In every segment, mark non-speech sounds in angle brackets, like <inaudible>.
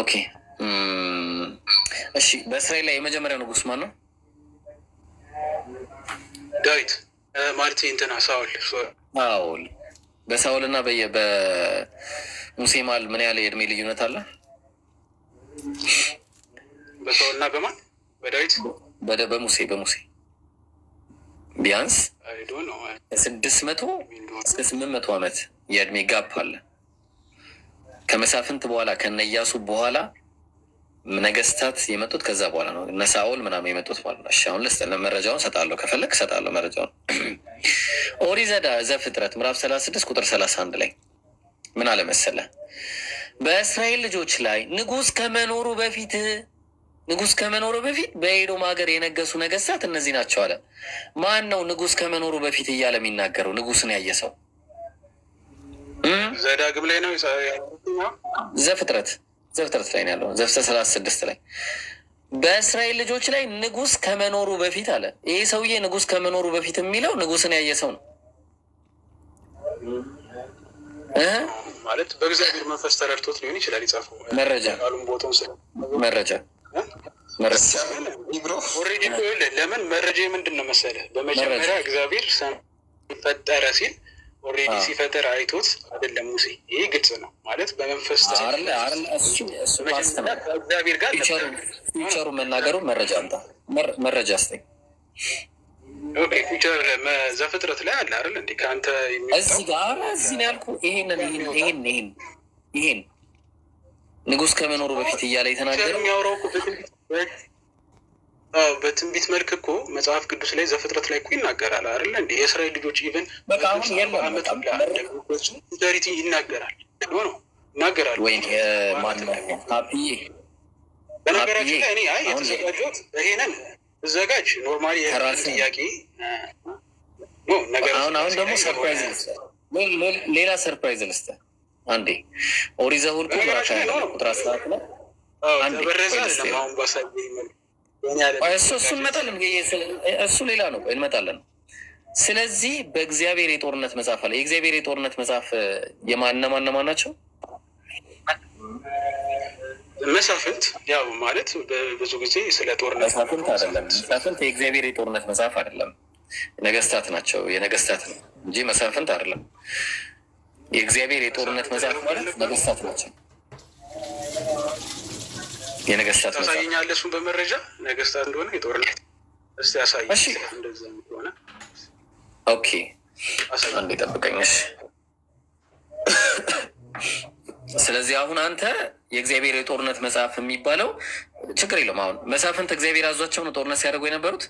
ኦኬ እሺ። በእስራኤል ላይ የመጀመሪያው ንጉስ ማን ነው? ዳዊት ማለት እንትና ሳውል። ሳውል በሳውል እና በሙሴ መሀል ምን ያህል የእድሜ ልዩነት አለ? በሳውል እና በማን በዳዊት በሙሴ በሙሴ ቢያንስ ስድስት መቶ እስከ ስምንት መቶ ዓመት የእድሜ ጋፕ አለ። ከመሳፍንት በኋላ ከነያሱ በኋላ ነገስታት የመጡት ከዛ በኋላ ነው። እነ ሳኦል ምናምን የመጡት ማለት ነው። አሁን ልስ መረጃውን ሰጣለሁ፣ ከፈለግ ሰጣለሁ መረጃውን። <clears throat> ኦሪት ዘፍጥረት ምዕራፍ ሰላሳ ስድስት ቁጥር ሰላሳ አንድ ላይ ምን አለ መሰለህ? በእስራኤል ልጆች ላይ ንጉስ ከመኖሩ በፊት ንጉስ ከመኖሩ በፊት በኤዶም ሀገር የነገሱ ነገስታት እነዚህ ናቸው አለ። ማን ነው ንጉስ ከመኖሩ በፊት እያለ የሚናገረው? ንጉስን ያየ ሰው ዘዳግም ላይ ነው ዘፍጥረት ዘፍጥረት ላይ ያለው ዘፍጥረት ሰላሳ ስድስት ላይ በእስራኤል ልጆች ላይ ንጉስ ከመኖሩ በፊት አለ። ይሄ ሰውዬ ንጉስ ከመኖሩ በፊት የሚለው ንጉስን ያየ ሰው ነው ማለት በእግዚአብሔር መንፈስ ተረድቶት ሊሆን ይችላል። ይጻፈው መረጃ መረጃ ለምን መረጃ ምንድን ነው መሰለህ? በመጀመሪያ እግዚአብሔር ፈጠረ ሲል ኦሬዲ ሲፈጠር አይቶት አይደለም ሙሴ። ይሄ ግልጽ ነው ማለት በመንፈስ እግዚአብሔር ጋር ፊውቸሩ መናገሩ መረጃ አምጣ፣ መረጃ ስጠኝ። ፊውቸር ዘፍጥረት ላይ አለ አይደል እንዴ? ከአንተ እዚህ ጋር እዚህ ነው ያልኩ። ይሄንን ይሄን ይሄን ይሄን ንጉሥ ከመኖሩ በፊት እያለ የተናገረው በትንቢት መልክ እኮ መጽሐፍ ቅዱስ ላይ ዘፍጥረት ላይ እኮ ይናገራል አይደለ? እንደ የእስራኤል ልጆች ኢቨን ዓመት ዳሪቲ ይናገራል ነው ይናገራል። በነገራችን ላይ እኔ አይ የተዘጋጆት ይሄንን እዘጋጅ ኖርማሊ ጥያቄ አሁን አሁን ደግሞ ሰርፕራይዝ ልስጠህ፣ ሌላ ሰርፕራይዝ ልስጠህ። አንዴ ኦሪት ዘኍልቍ ምዕራፍ ቁጥር አስራት ላይ ተበረዘ ለማሁን ባሳየ መልክ እሱ ሌላ ነው፣ እንመጣለን። ስለዚህ በእግዚአብሔር የጦርነት መጽሐፍ አለ። የእግዚአብሔር የጦርነት መጽሐፍ የማነማን እነማን ናቸው? መሳፍንት ያው ማለት ብዙ ጊዜ ስለ ጦርነት መሳፍንት አይደለም። መሳፍንት የእግዚአብሔር የጦርነት መጽሐፍ አይደለም፣ ነገስታት ናቸው። የነገስታት ነው እንጂ መሳፍንት አይደለም። የእግዚአብሔር የጦርነት መጽሐፍ ማለት ነገስታት ናቸው። የነገስታት ታሳየኛለህ? እሱን በመረጃ ነገስታት እንደሆነ የጦርነት እስቲ ያሳይ። እንደዛ ሆነ። ኦኬ አንዴ ጠብቀኝ። ስለዚህ አሁን አንተ የእግዚአብሔር የጦርነት መጽሐፍ የሚባለው ችግር የለም። አሁን መጽሐፍን እግዚአብሔር አዟቸው ነው ጦርነት ሲያደርጉ የነበሩት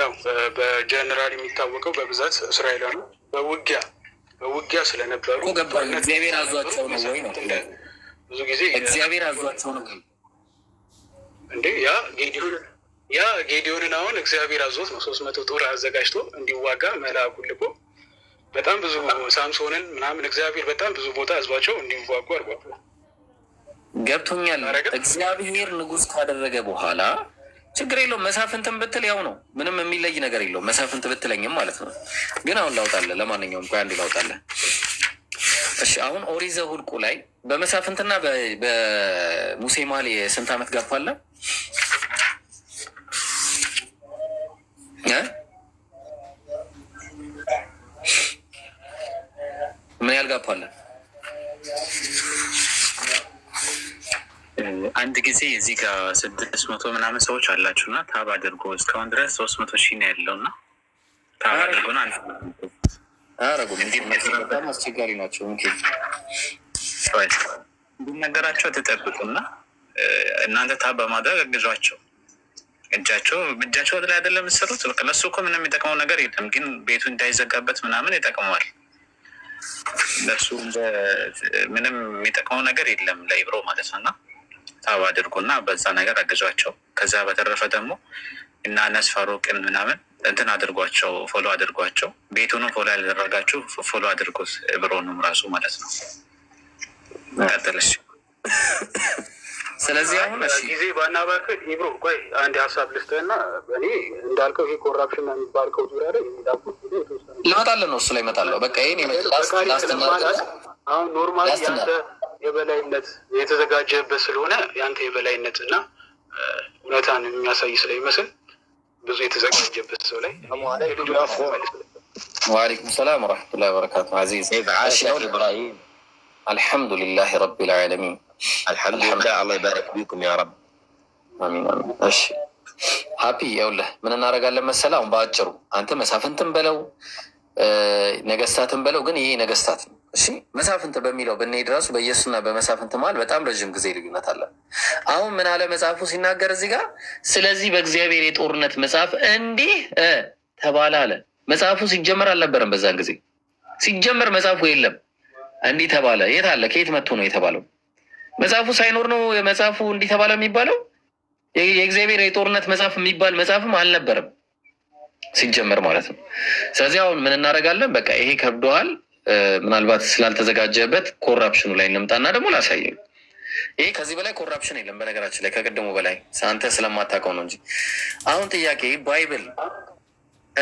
ያው በጀነራል የሚታወቀው በብዛት እስራኤል ነው በውጊያ በውጊያ ስለነበሩ እግዚአብሔር አዟቸው ነው ወይ ነው ብዙ ጊዜ እግዚአብሔር አዟቸው ነው እንዴ? ያ ጌዲዮን ያ ጌዲዮንን አሁን እግዚአብሔር አዞት ነው ሶስት መቶ ጦር አዘጋጅቶ እንዲዋጋ መልአኩ ልኮ በጣም ብዙ ሳምሶንን ምናምን እግዚአብሔር በጣም ብዙ ቦታ ህዝባቸው እንዲዋጉ አርጓል ገብቶኛል። እግዚአብሔር ንጉስ ካደረገ በኋላ ችግር የለውም። መሳፍንትን ብትል ያው ነው፣ ምንም የሚለይ ነገር የለውም። መሳፍንት ብትለኝም ማለት ነው። ግን አሁን ላውጣለህ፣ ለማንኛውም ቆይ አንዴ ላውጣለህ። እሺ፣ አሁን ኦሪት ዘኍልቍ ላይ በመሳፍንትና በሙሴ ማል የስንት ዓመት ጋፕ አለ? ምን ያህል ጋፕ አለ? አንድ ጊዜ እዚህ ጋር ስድስት መቶ ምናምን ሰዎች አላችሁ እና ታብ አድርጎ እስካሁን ድረስ ሶስት መቶ ሺህ ነው ያለው እና ታብ አድርጎ አያረጉም። በጣም አስቸጋሪ ናቸው። እንዲነገራቸው ተጠብቁና እናንተ ታብ በማድረግ እግዟቸው። እጃቸው እጃቸው ወደ ላይ አይደለም የምትሰሩት። ለሱ እኮ ምንም የሚጠቅመው ነገር የለም፣ ግን ቤቱ እንዳይዘጋበት ምናምን ይጠቅመዋል። ለሱ ምንም የሚጠቅመው ነገር የለም ለኢብሮ ማለት ነው እና ሀሳብ አድርጉና በዛ ነገር አግዟቸው። ከዛ በተረፈ ደግሞ እና ነስ ፋሩቅን ምናምን እንትን አድርጓቸው፣ ፎሎ አድርጓቸው። ቤቱንም ፎሎ ያላደረጋችሁ ፎሎ አድርጉት፣ ብሮንም ራሱ ማለት ነው። ቀጥልሽ ስለዚህ አሁን ጊዜ ባናባክል ብሮ ቆይ አንድ ሀሳብ ልስጥህና እኔ እንዳልከው ይሄ ኮራፕሽን የሚባልከው ዙሪያ ላይ እመጣለሁ ነው እሱ ላይ እመጣለሁ። በቃ አሁን ኖርማል ያንተ የበላይነት የተዘጋጀበት ስለሆነ ያንተ የበላይነት እና እውነታን የሚያሳይ ስለሚመስል ብዙ የተዘጋጀበት ሰው ላይ ዋሌኩም ሰላም ወረሕመቱላሂ ወበረካቱ አዚዝ አልሐምዱሊላህ ረቢል ዓለሚን። አልሐምዱሊላህ አላህ ይባረክ ፊኩም ያ ረብ። እሺ ሀፒ ይኸውልህ ምን እናደርጋለን መሰለህ፣ አሁን በአጭሩ አንተ መሳፍንትን በለው ነገስታትን በለው፣ ግን ይሄ ነገስታት ነው። እሺ መሳፍንት በሚለው ብንሄድ ራሱ በኢየሱስና በመሳፍንት መሀል በጣም ረዥም ጊዜ ልዩነት አለ። አሁን ምን አለ መጽሐፉ ሲናገር እዚህ ጋር፣ ስለዚህ በእግዚአብሔር የጦርነት መጽሐፍ እንዲህ ተባለ አለ። መጽሐፉ ሲጀመር አልነበረም በዛን ጊዜ ሲጀመር መጽሐፉ የለም። እንዲህ ተባለ። የት አለ? ከየት መጥቶ ነው የተባለው? መጽሐፉ ሳይኖር ነው መጽሐፉ እንዲህ ተባለ የሚባለው? የእግዚአብሔር የጦርነት መጽሐፍ የሚባል መጽሐፍም አልነበረም ሲጀመር ማለት ነው። ስለዚህ አሁን ምን እናደርጋለን? በቃ ይሄ ከብደዋል ምናልባት ስላልተዘጋጀበት ኮራፕሽኑ ላይ እንምጣና ደግሞ ላሳየ። ይሄ ከዚህ በላይ ኮራፕሽን የለም በነገራችን ላይ ከቅድሙ በላይ አንተ ስለማታውቀው ነው እንጂ። አሁን ጥያቄ ባይብል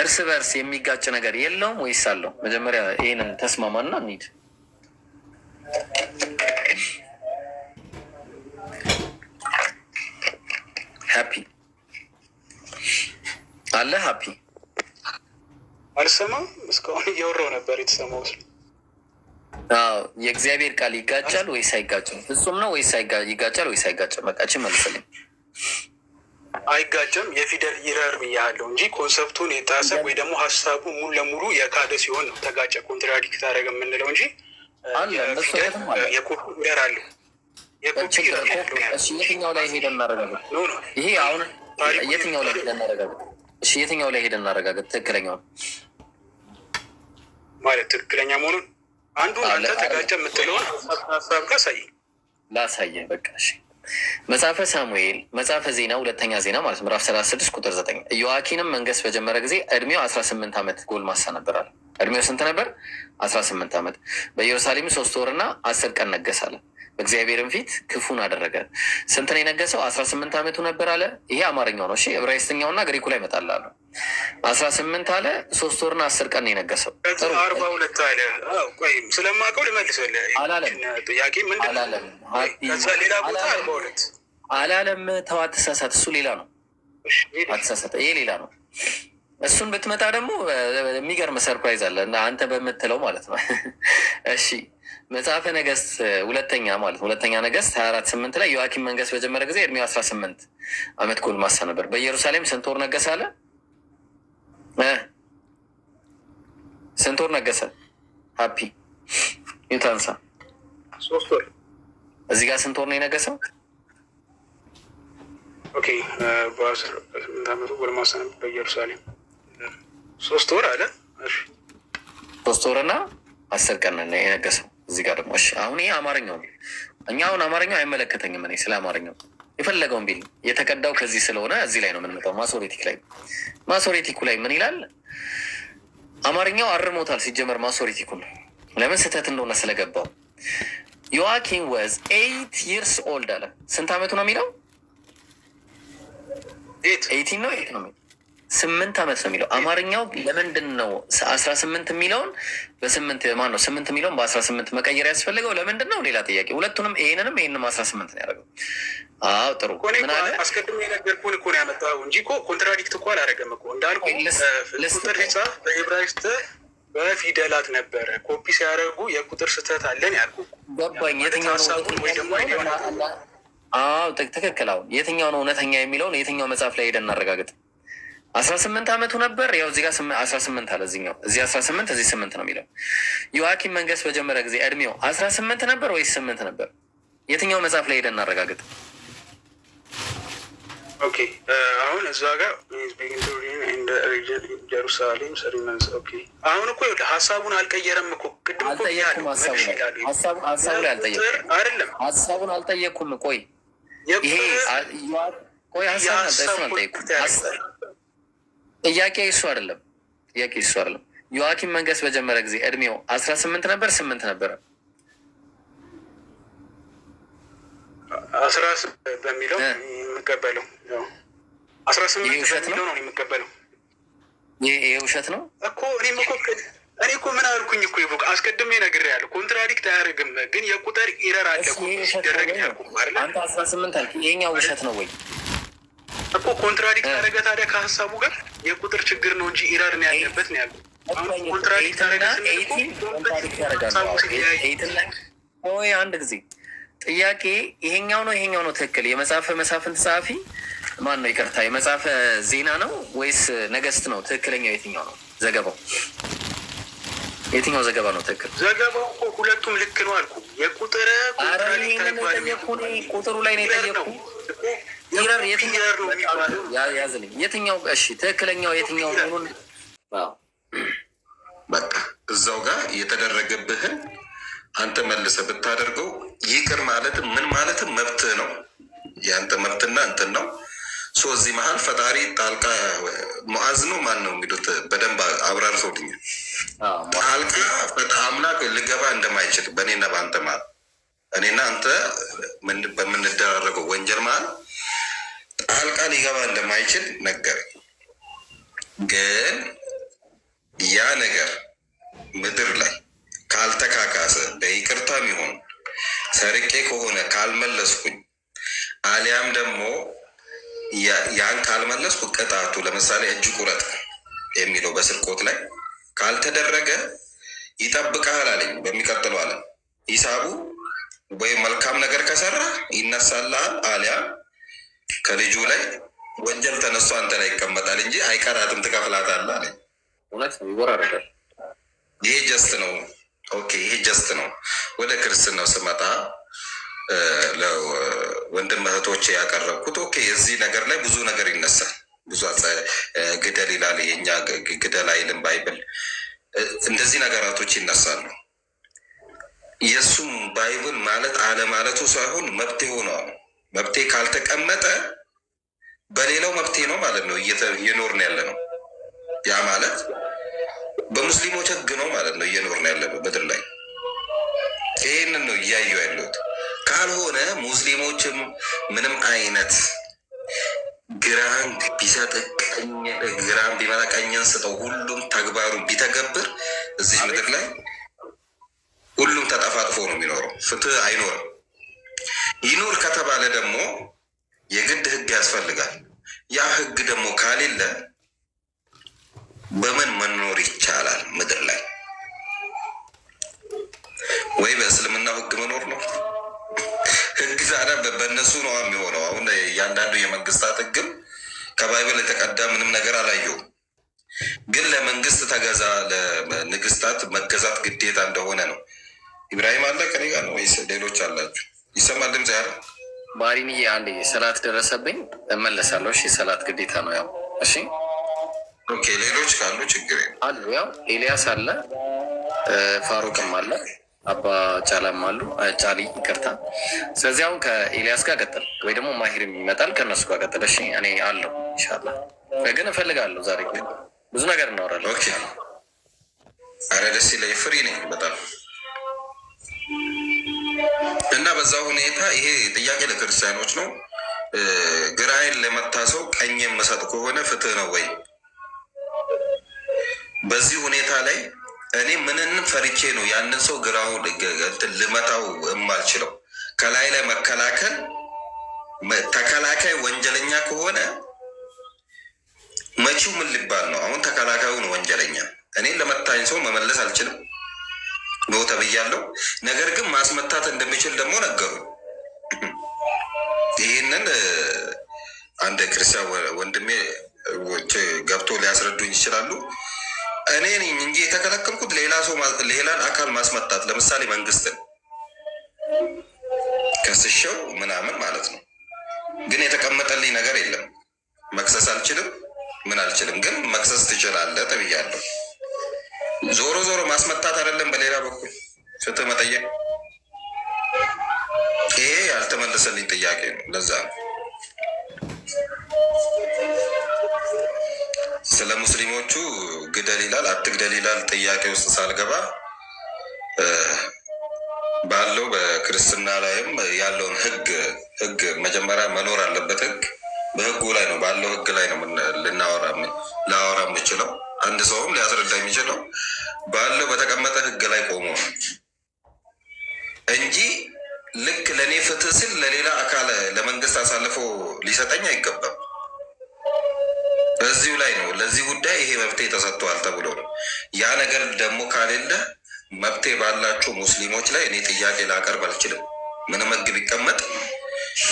እርስ በርስ የሚጋጭ ነገር የለውም ወይስ አለው? መጀመሪያ ይህንን ተስማማና እንሂድ። ሀፒ አለ ሀፒ አልሰማም። እስካሁን እያወራው ነበር የተሰማው የእግዚአብሔር ቃል ይጋጫል ወይስ አይጋጭም? ፍጹም ነው ወይስ ይጋጫል ወይስ አይጋጭም? መቃች ችን መልስልኝ። አይጋጭም። የፊደል ይረር ብያለሁ እንጂ ኮንሰፕቱን የጣሰ ወይ ደግሞ ሀሳቡ ሙሉ ለሙሉ የካደ ሲሆን ነው ተጋጨ ኮንትራዲክት አደረገ የምንለው እንጂ የትኛው ላይ ሄደን እናረጋግጥ? ይሄ አሁን የትኛው ላይ ሄደን እናረጋግጥ? እሺ የትኛው ላይ ሄደን እናረጋግጥ? ትክክለኛው ማለት ትክክለኛ መሆኑን አንዱ አንተ ተጋጨ የምትለውን ሀሳብ በቃ እሺ። መጽሐፈ ሳሙኤል መጽሐፈ ዜና ሁለተኛ ዜና ማለት ምዕራፍ ሰላሳ ስድስት ቁጥር ዘጠኝ ኢዮአኪንም መንገስ በጀመረ ጊዜ እድሜው አስራ ስምንት ዓመት ጎልማሳ ነበራል። እድሜው ስንት ነበር? አስራ ስምንት ዓመት በኢየሩሳሌም ሶስት ወርና አስር ቀን ነገሳለ። በእግዚአብሔርም ፊት ክፉን አደረገ። ስንት ነው የነገሰው? አስራ ስምንት ዓመቱ ነበር አለ። ይሄ አማርኛው ነው። እሺ ግሪኩ ላይ ይመጣል አለ። አስራ ስምንት አለ። ሶስት ወርና አስር ቀን የነገሰው። አርባ ሁለት አለ። ቆይ ስለማውቀው ልመልስልህ አላለም። አላለም። ሌላ ቦታ አርባ ሁለት አላለም። ተው አትሳሳት። እሱ ሌላ ነው። አትሳሳት። ይሄ ሌላ ነው። እሱን ብትመጣ ደግሞ የሚገርም ሰርፕራይዝ አለ እና አንተ በምትለው ማለት ነው። <laughs> እሺ መጽሐፈ ነገስት ሁለተኛ ማለት ነው ሁለተኛ ነገስት ሀያ አራት ስምንት ላይ ዮአኪም መንገስ በጀመረ ጊዜ እድሜው አስራ ስምንት ዓመት ጎልማሳ ነበር። በኢየሩሳሌም ስንት ወር ነገሰ አለ? ስንት ወር ነገሰ? ሀፒ ዩታንሳ ሶስት ወር። እዚህ ጋር ስንት ወር ነው የነገሰው? ኦኬ በአስራ ስምንት አመቱ ጎልማሳ ነበር በኢየሩሳሌም ሶስት ወር አለ ሶስት ወርና አስር ቀን የነገሰው። እዚህ ጋር ደግሞ አሁን ይሄ አማርኛው እኛ አሁን አማርኛው አይመለከተኝም። እኔ ስለ አማርኛው የፈለገውን ቢል የተቀዳው ከዚህ ስለሆነ እዚህ ላይ ነው የምንመጣው። ማሶሬቲክ ላይ ማሶሬቲኩ ላይ ምን ይላል? አማርኛው አርሞታል ሲጀመር ማሶሬቲኩ ነው። ለምን ስህተት እንደሆነ ስለገባው ዮዋኪን ወዝ ኤይት ይርስ ኦልድ አለ። ስንት አመቱ ነው የሚለው? ኤይቲን ነው ኤይት ነው ስምንት ዓመት ነው የሚለው አማርኛው። ለምንድን ነው አስራ ስምንት የሚለውን በስምንት ማ ነው ስምንት የሚለውን በአስራ ስምንት መቀየር ያስፈልገው ለምንድን ነው? ሌላ ጥያቄ። ሁለቱንም ይህንንም ይህንም አስራ ስምንት ነው ያደረገው። አዎ ጥሩ። አስቀድሞ የነገርኩህን እኮ ነው ያመጣኸው እንጂ እኮ ኮንትራዲክት እኮ አላደረገም እኮ እንዳልኩህ። ቁጥር ሲጻፍ በዕብራይስጥ በፊደላት ነበረ ኮፒ ሲያደረጉ የቁጥር ስህተት አለን ያልኩህ። ገባኝ። የትኛው ወይ ደግሞ አይዲያ ትክክል። አሁን የትኛው ነው እውነተኛ የሚለውን የትኛው መጽሐፍ ላይ ሄደን እናረጋግጥ አስራ ስምንት ዓመቱ ነበር። ያው እዚህ ጋር አስራ ስምንት አለ እዚኛው እዚህ አስራ ስምንት እዚህ ስምንት ነው የሚለው። ዮዋኪም መንገስ በጀመረ ጊዜ እድሜው አስራ ስምንት ነበር ወይስ ስምንት ነበር? የትኛው መጽሐፍ ላይ ሄደን እናረጋግጥ። ኦኬ አሁን እዛ ጋር ጀሩሳሌም ሰሪመንስ አሁን እኮ ሀሳቡን አልቀየረም እኮ ቅድም ሀሳቡ ላይ አልጠየኩም አይደለም፣ ሀሳቡን አልጠየኩም። ቆይ ይሄ ቆይ ሀሳብ አልጠየኩም ጥያቄ እሱ አይደለም። ጥያቄ እሱ አይደለም። ዮዋኪም መንገስ በጀመረ ጊዜ እድሜው አስራ ስምንት ነበር ስምንት ነበረ አስራ በሚለው የምቀበለው አስራ ስምንት ነው ነው የምቀበለው። ይሄ ውሸት ነው እኮ እኔም እኮ እኔ እኮ ምን አልኩኝ እኮ ይቡቅ አስቀድሜ ነግሬሃለሁ። ኮንትራዲክት አያደርግም፣ ግን የቁጥር ኢረር አለ ሲደረግ ያልኩ አለ። አንተ አስራ ስምንት አልክ፣ ይሄኛው ውሸት ነው ወይ? እኮ ኮንትራዲክት አደረገ ታዲያ ከሀሳቡ ጋር የቁጥር ችግር ነው እንጂ ኢራር ነው ያለበት ነው ያለው። ወይ አንድ ጊዜ ጥያቄ ይሄኛው ነው ይሄኛው ነው ትክክል። የመጽሐፈ መሳፍንት ጸሐፊ ማን ነው? ይቅርታ የመጽሐፈ ዜና ነው ወይስ ነገስት ነው? ትክክለኛው የትኛው ነው? ዘገባው የትኛው ዘገባ ነው ትክክል? ዘገባው እኮ ሁለቱም ልክ ነው አልኩ። የቁጥር ቁጥሩ ላይ ነው የጠየቅኩ ሚረር የትኛው የትኛው እሺ ትክክለኛው የትኛው መሆኑን በቃ እዛው ጋር የተደረገብህን አንተ መልሰ ብታደርገው ይቅር ማለት ምን ማለት መብት ነው። የአንተ መብትና እንትን ነው። ሶ እዚህ መሀል ፈጣሪ ጣልቃ ሙዓዝ ነው ማን ነው የሚሉት በደንብ አብራር ጣልቃ አምላክ ልገባ እንደማይችል በእኔና በአንተ መሀል እኔና አንተ በምንደራረገው ወንጀል መሀል መሀል ሊገባ እንደማይችል ነገረኝ። ግን ያ ነገር ምድር ላይ ካልተካካሰ በይቅርታም ይሁን ሰርቄ ከሆነ ካልመለስኩኝ አሊያም ደግሞ ያን ካልመለስኩ ቅጣቱ ለምሳሌ እጅ ቁረጥ የሚለው በስርቆት ላይ ካልተደረገ ይጠብቀሃል አለኝ። በሚቀጥለው አለ ሂሳቡ ወይም መልካም ነገር ከሰራ ይነሳልሃል አሊያም ከልጁ ላይ ወንጀል ተነስቶ አንተ ላይ ይቀመጣል እንጂ አይቀራትም፣ ትከፍላታለህ አለኝ። እውነት ነው፣ ይወራረዳል። ይሄ ጀስት ነው። ኦኬ፣ ይሄ ጀስት ነው። ወደ ክርስትናው ስመጣ ወንድም እህቶቼ ያቀረብኩት ኦኬ፣ እዚህ ነገር ላይ ብዙ ነገር ይነሳል። ብዙ ግደል ይላል፣ የኛ ግደል አይልም ባይብል። እንደዚህ ነገራቶች ይነሳሉ። የእሱም ባይብል ማለት አለማለቱ ሳይሆን መብት ሆነዋል መብቴ ካልተቀመጠ በሌላው መብቴ ነው ማለት ነው እየኖርን ያለ ነው። ያ ማለት በሙስሊሞች ህግ ነው ማለት ነው እየኖርን ያለ ነው ምድር ላይ ይህንን ነው እያየሁ ያለሁት። ካልሆነ ሙስሊሞችም ምንም አይነት ግራም ቢሰጥ ቢመጣ ቀኝን ስጠው ሁሉም ተግባሩ ቢተገብር እዚህ ምድር ላይ ሁሉም ተጠፋጥፎ ነው የሚኖረው። ፍትህ አይኖርም። ይኑር ከተባለ ደግሞ የግድ ህግ ያስፈልጋል። ያ ህግ ደግሞ ካሌለ በምን መኖር ይቻላል ምድር ላይ? ወይ በእስልምናው ህግ መኖር ነው። ህግ ዛዳ በእነሱ ነው የሚሆነው። አሁን እያንዳንዱ የመንግስታት ህግም ከባይብል የተቀዳ ምንም ነገር አላየሁም። ግን ለመንግስት ተገዛ፣ ለንግስታት መገዛት ግዴታ እንደሆነ ነው። ኢብራሂም አለ ከኔ ጋር ነው ወይስ ሌሎች አላችሁ? ይሰማል ድምጽ ያለው ባሪንዬ፣ አንዴ ሰላት ደረሰብኝ እመለሳለሁ። እሺ፣ ሰላት ግዴታ ነው ያው። እሺ፣ ኦኬ። ሌሎች ካሉ ችግር አሉ። ያው ኤልያስ አለ፣ ፋሩቅም አለ፣ አባ ጫላም አሉ፣ ጫሊ ይቅርታ። ስለዚህ አሁን ከኤልያስ ጋር ቀጥል፣ ወይ ደግሞ ማሂርም ይመጣል ከእነሱ ጋር ቀጥል። እሺ፣ እኔ አለው እንሻላ፣ ግን እፈልጋለሁ ዛሬ ብዙ ነገር እናወራለን። ኦኬ፣ አረ ደስ ይለኝ፣ ፍሪ ነኝ በጣም እና በዛ ሁኔታ ይሄ ጥያቄ ለክርስቲያኖች ነው። ግራይን ለመታ ሰው ቀኝ የምሰጥ ከሆነ ፍትህ ነው ወይ? በዚህ ሁኔታ ላይ እኔ ምንን ፈርቼ ነው ያንን ሰው ግራውን ልመታው የማልችለው? ከላይ ላይ መከላከል ተከላካይ ወንጀለኛ ከሆነ መቼው ምን ሊባል ነው? አሁን ተከላካዩ ነው ወንጀለኛ። እኔ ለመታኝ ሰው መመለስ አልችልም። ኖ ተብያለሁ። ነገር ግን ማስመታት እንደሚችል ደግሞ ነገሩ። ይህንን አንድ ክርስቲያን ወንድሜ ገብቶ ሊያስረዱኝ ይችላሉ። እኔ ነኝ እንጂ የተከለከልኩት ሌላ ሰው ሌላን አካል ማስመታት ለምሳሌ መንግስትን ከስሸው ምናምን ማለት ነው። ግን የተቀመጠልኝ ነገር የለም። መክሰስ አልችልም፣ ምን አልችልም። ግን መክሰስ ትችላለህ ተብያለሁ። ዞሮ ዞሮ ማስመታት አይደለም፣ በሌላ በኩል ፍትህ መጠየቅ። ይሄ ያልተመለሰልኝ ጥያቄ ነው። ለዛ ነው ስለ ሙስሊሞቹ ግደል ይላል አትግደል ይላል ጥያቄ ውስጥ ሳልገባ ባለው በክርስትና ላይም ያለውን ህግ ህግ መጀመሪያ መኖር አለበት። ህግ በህጉ ላይ ነው ባለው ህግ ላይ ነው ልናወራ ላወራ የምችለው አንድ ሰውም ሊያስረዳ የሚችለው ባለው በተቀመጠ ህግ ላይ ቆሞ ነው እንጂ ልክ ለእኔ ፍትህ ስል ለሌላ አካል ለመንግስት አሳልፎ ሊሰጠኝ አይገባም። በዚሁ ላይ ነው ለዚህ ጉዳይ ይሄ መብቴ ተሰጥቷል ተብሎ ነው። ያ ነገር ደግሞ ካሌለ መብቴ ባላቸው ሙስሊሞች ላይ እኔ ጥያቄ ላቀርብ አልችልም። ምንም ህግ ቢቀመጥ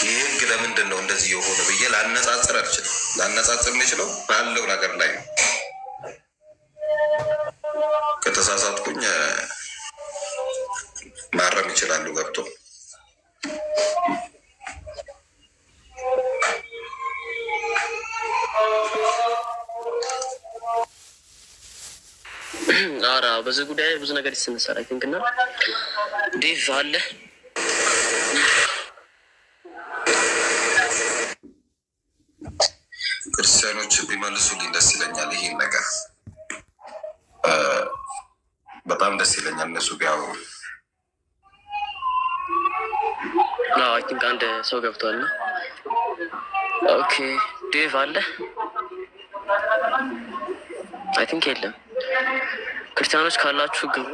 ይህ ህግ ለምንድን ነው እንደዚህ የሆነ ብዬ ላነጻጽር አልችልም። ላነጻጽር የምችለው ባለው ነገር ላይ ነው። ከተሳሳትኩኝ ማረም ይችላሉ ገብቶ አራ በዚህ ጉዳይ ብዙ ነገር ይስንሳል። ግንግና ዴቭ አለ ክርስቲያኖች ቢመልሱልኝ ደስ ይለኛል ይህን ነገር በጣም ደስ ይለኛል እነሱ ቢያወሩ። አንድ ሰው ገብቷል ነው። ኦኬ ዴቭ አለ አይ ቲንክ የለም። ክርስቲያኖች ካላችሁ ግቡ።